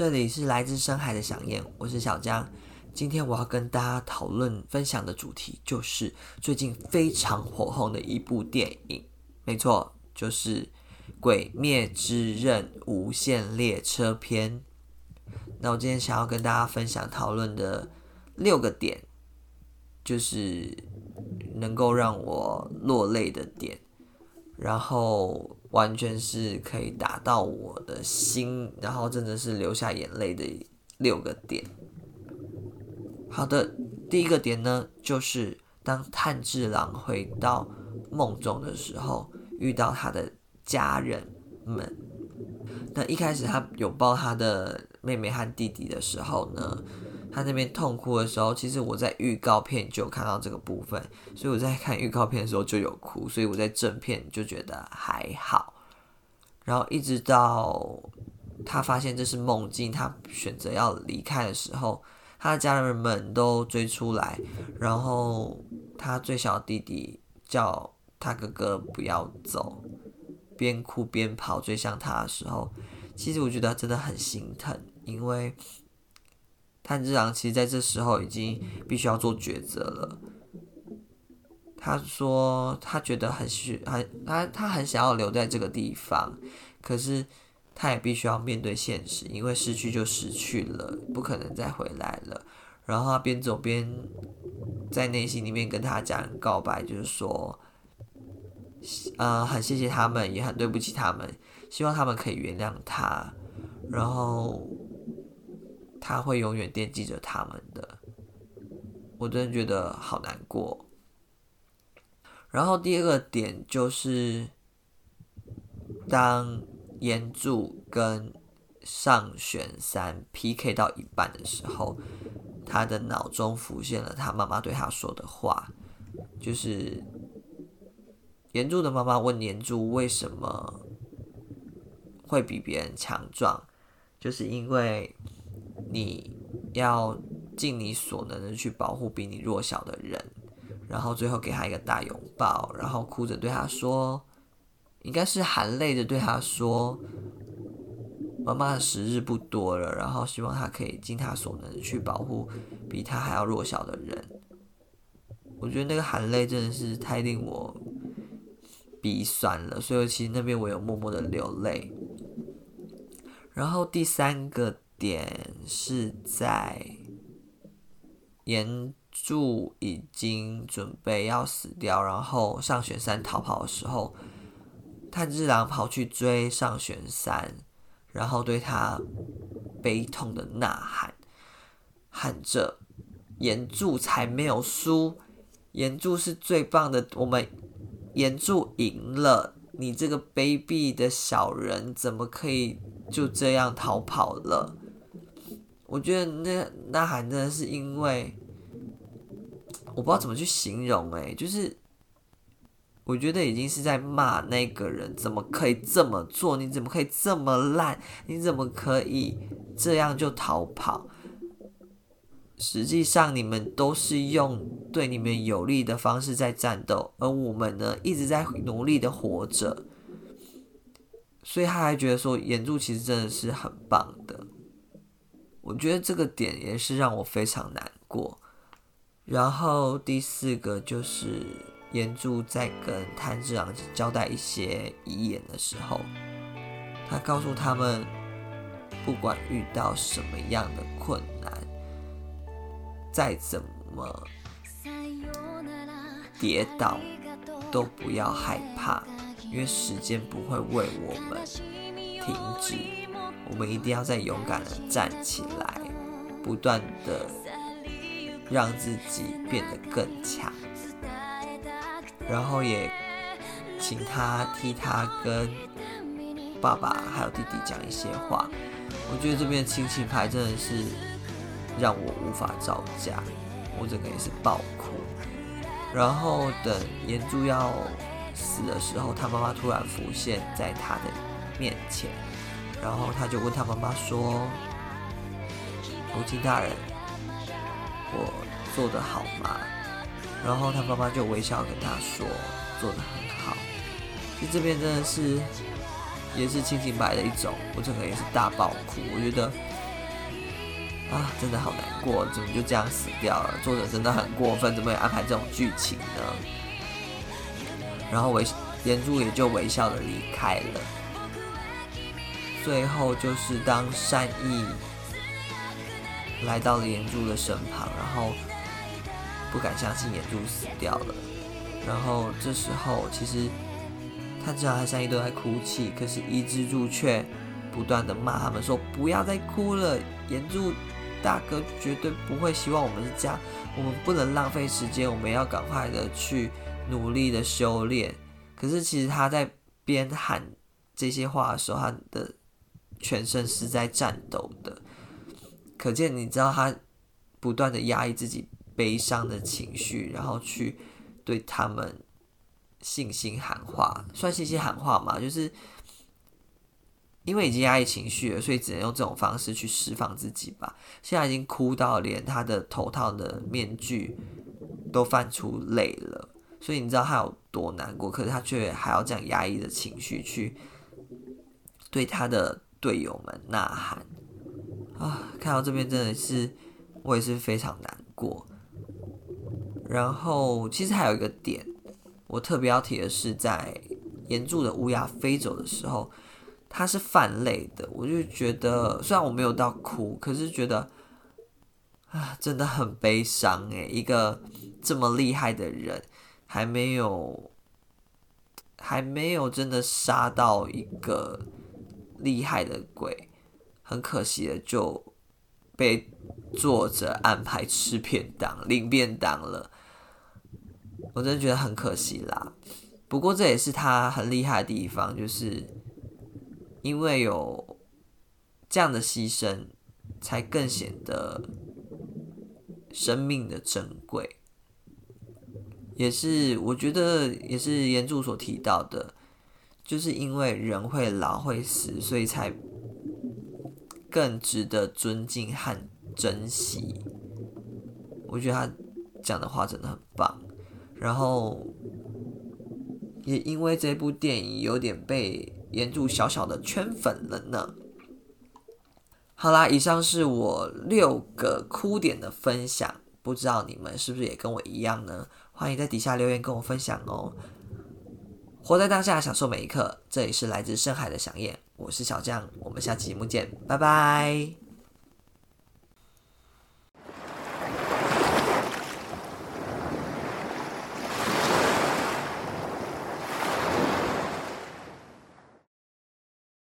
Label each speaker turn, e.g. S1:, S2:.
S1: 這裡是來自深海的想念，我是小江。今天我要跟大家討論分享的主題，就是最近非常火紅的一部電影，沒錯，就是《鬼滅之刃：無限列車篇》片。那我今天想要跟大家分享討論的六個點，就是能夠讓我落淚的點，然後。完全是可以打到我的心，然後真的是流下眼淚的六個點。好的，第一個點呢，就是當炭治郎回到夢中的時候，遇到他的家人們。那一開始他有抱他的妹妹和弟弟的時候呢，他那邊痛哭的時候，其實我在預告片就有看到這個部分，所以我在看預告片的時候就有哭，所以我在正片就覺得還好。然後一直到他發現這是夢境，他選擇要離開的時候，他的家人們都追出來，然後他最小的弟弟叫他哥哥不要走，邊哭邊跑追向他的時候，其實我覺得真的很心疼，因為。炭治郎其實在這時候已經必須要做抉擇了。他說他覺得很虛，很他他很想要留在這個地方，可是他也必須要面對現實，因為失去就失去了，不可能再回來了。然後他邊走邊在內心裡面跟他講告白，就是說，呃，很謝謝他們，也很對不起他們，希望他們可以原諒他。然後。他會永遠惦記着他們的，我真的覺得好難過。然後第二個點就是，當炎柱跟上弦三 PK 到一半的時候，他的腦中浮現了他媽媽對他說的話，就是炎柱的媽媽問炎柱為什麼會比別人強壯，就是因為。你要盡你所能的去保護比你弱小的人，然後最後給他一個大擁抱，然後哭着對他說，應該是含淚的對他說，媽媽的時日不多了，然後希望他可以盡他所能的去保護比他還要弱小的人。我覺得那個含淚真的是太令我鼻酸了，所以其實那邊我有默默的流淚。然後第三個。點是在岩柱已經準備要死掉，然後上弦三逃跑的時候，炭治郎跑去追上弦三，然後對他悲痛的吶喊，喊着岩柱才沒有輸，岩柱是最棒的，我們岩柱贏了，你這個卑鄙的小人怎麼可以就這樣逃跑了？我覺得那那還真的是因為我不知道怎麼去形容誒、欸，就是我覺得已經是在罵那個人，怎麼可以這麼做？你怎麼可以這麼爛？你怎麼可以這樣就逃跑？實際上你們都是用對你們有利的方式在戰鬥，而我們呢一直在努力的活着，所以他還覺得說炎柱其實真的是很棒的。我覺得這個點也是讓我非常難過。然後第四個就是炎柱在跟炭治郎交代一些遺言的時候，他告訴他們，不管遇到什麼樣的困難，再怎麼跌倒，都不要害怕，因為時間不會為我們停止。我們一定要再勇敢的站起來，不斷的讓自己變得更強，然後也請他替他跟爸爸還有弟弟講一些話。我覺得這邊親情牌真的是讓我無法招架，我整個也是爆哭。然後等炎柱要死的時候，他媽媽突然浮現在他的面前。然後他就問他媽媽說：“母親大人，我做的好嗎？”然後他媽媽就微笑跟他說：“做的很好。”其實這邊真的是，也是親情牌的一種。我整個也是大爆哭，我覺得啊，真的好難過，怎麼就這樣死掉了？作者真的很過分，怎麼會安排這種劇情呢？然後微炎柱也就微笑的離開了。最後就是當善逸來到了炎柱的身旁，然後不敢相信炎柱死掉了。然後這時候其實他這樣和善逸都在哭泣，可是伊之助卻不斷的罵他們說：“不要再哭了，炎柱大哥絕對不會希望我們是這樣，我們不能浪費時間，我們要趕快的去努力的修煉。”可是其實他在邊喊這些話的時候，他的。全身是在顫抖的，可見你知道他不斷的壓抑自己悲傷的情緒，然後去對他們信心喊話，算信心喊話嘛？就是因為已經壓抑情緒了，所以只能用這種方式去釋放自己吧。現在已經哭到了連他的頭套的面具都泛出淚了，所以你知道他有多難過，可是他卻還要這樣壓抑的情緒去對他的。隊友們吶喊啊！看到這邊真的是我也是非常難過。然後其實還有一個點，我特別要提的是，在炎柱的烏鴉飛走的時候，它是泛淚的。我就覺得，雖然我沒有到哭，可是覺得啊，真的很悲傷誒、欸，一個這麼厲害的人，還沒有，還沒有真的殺到一個。厲害的鬼，很可惜的就被作者安排吃便當、領便當了，我真的覺得很可惜啦。不過這也是他很厲害的地方，就是因為有這樣的犧牲，才更顯得生命的珍貴，也是我覺得也是原著所提到的。就是因為人會老會死，所以才更值得尊敬和珍惜。我覺得他講的話真的很棒，然後也因為這部電影有點被炎柱小小的圈粉了呢。好啦，以上是我六個哭點的分享，不知道你們是不是也跟我一樣呢？歡迎在底下留言跟我分享哦。活在當下，享受每一刻。這裡是來自深海的想念，我是小江，我們下期節目見，拜拜。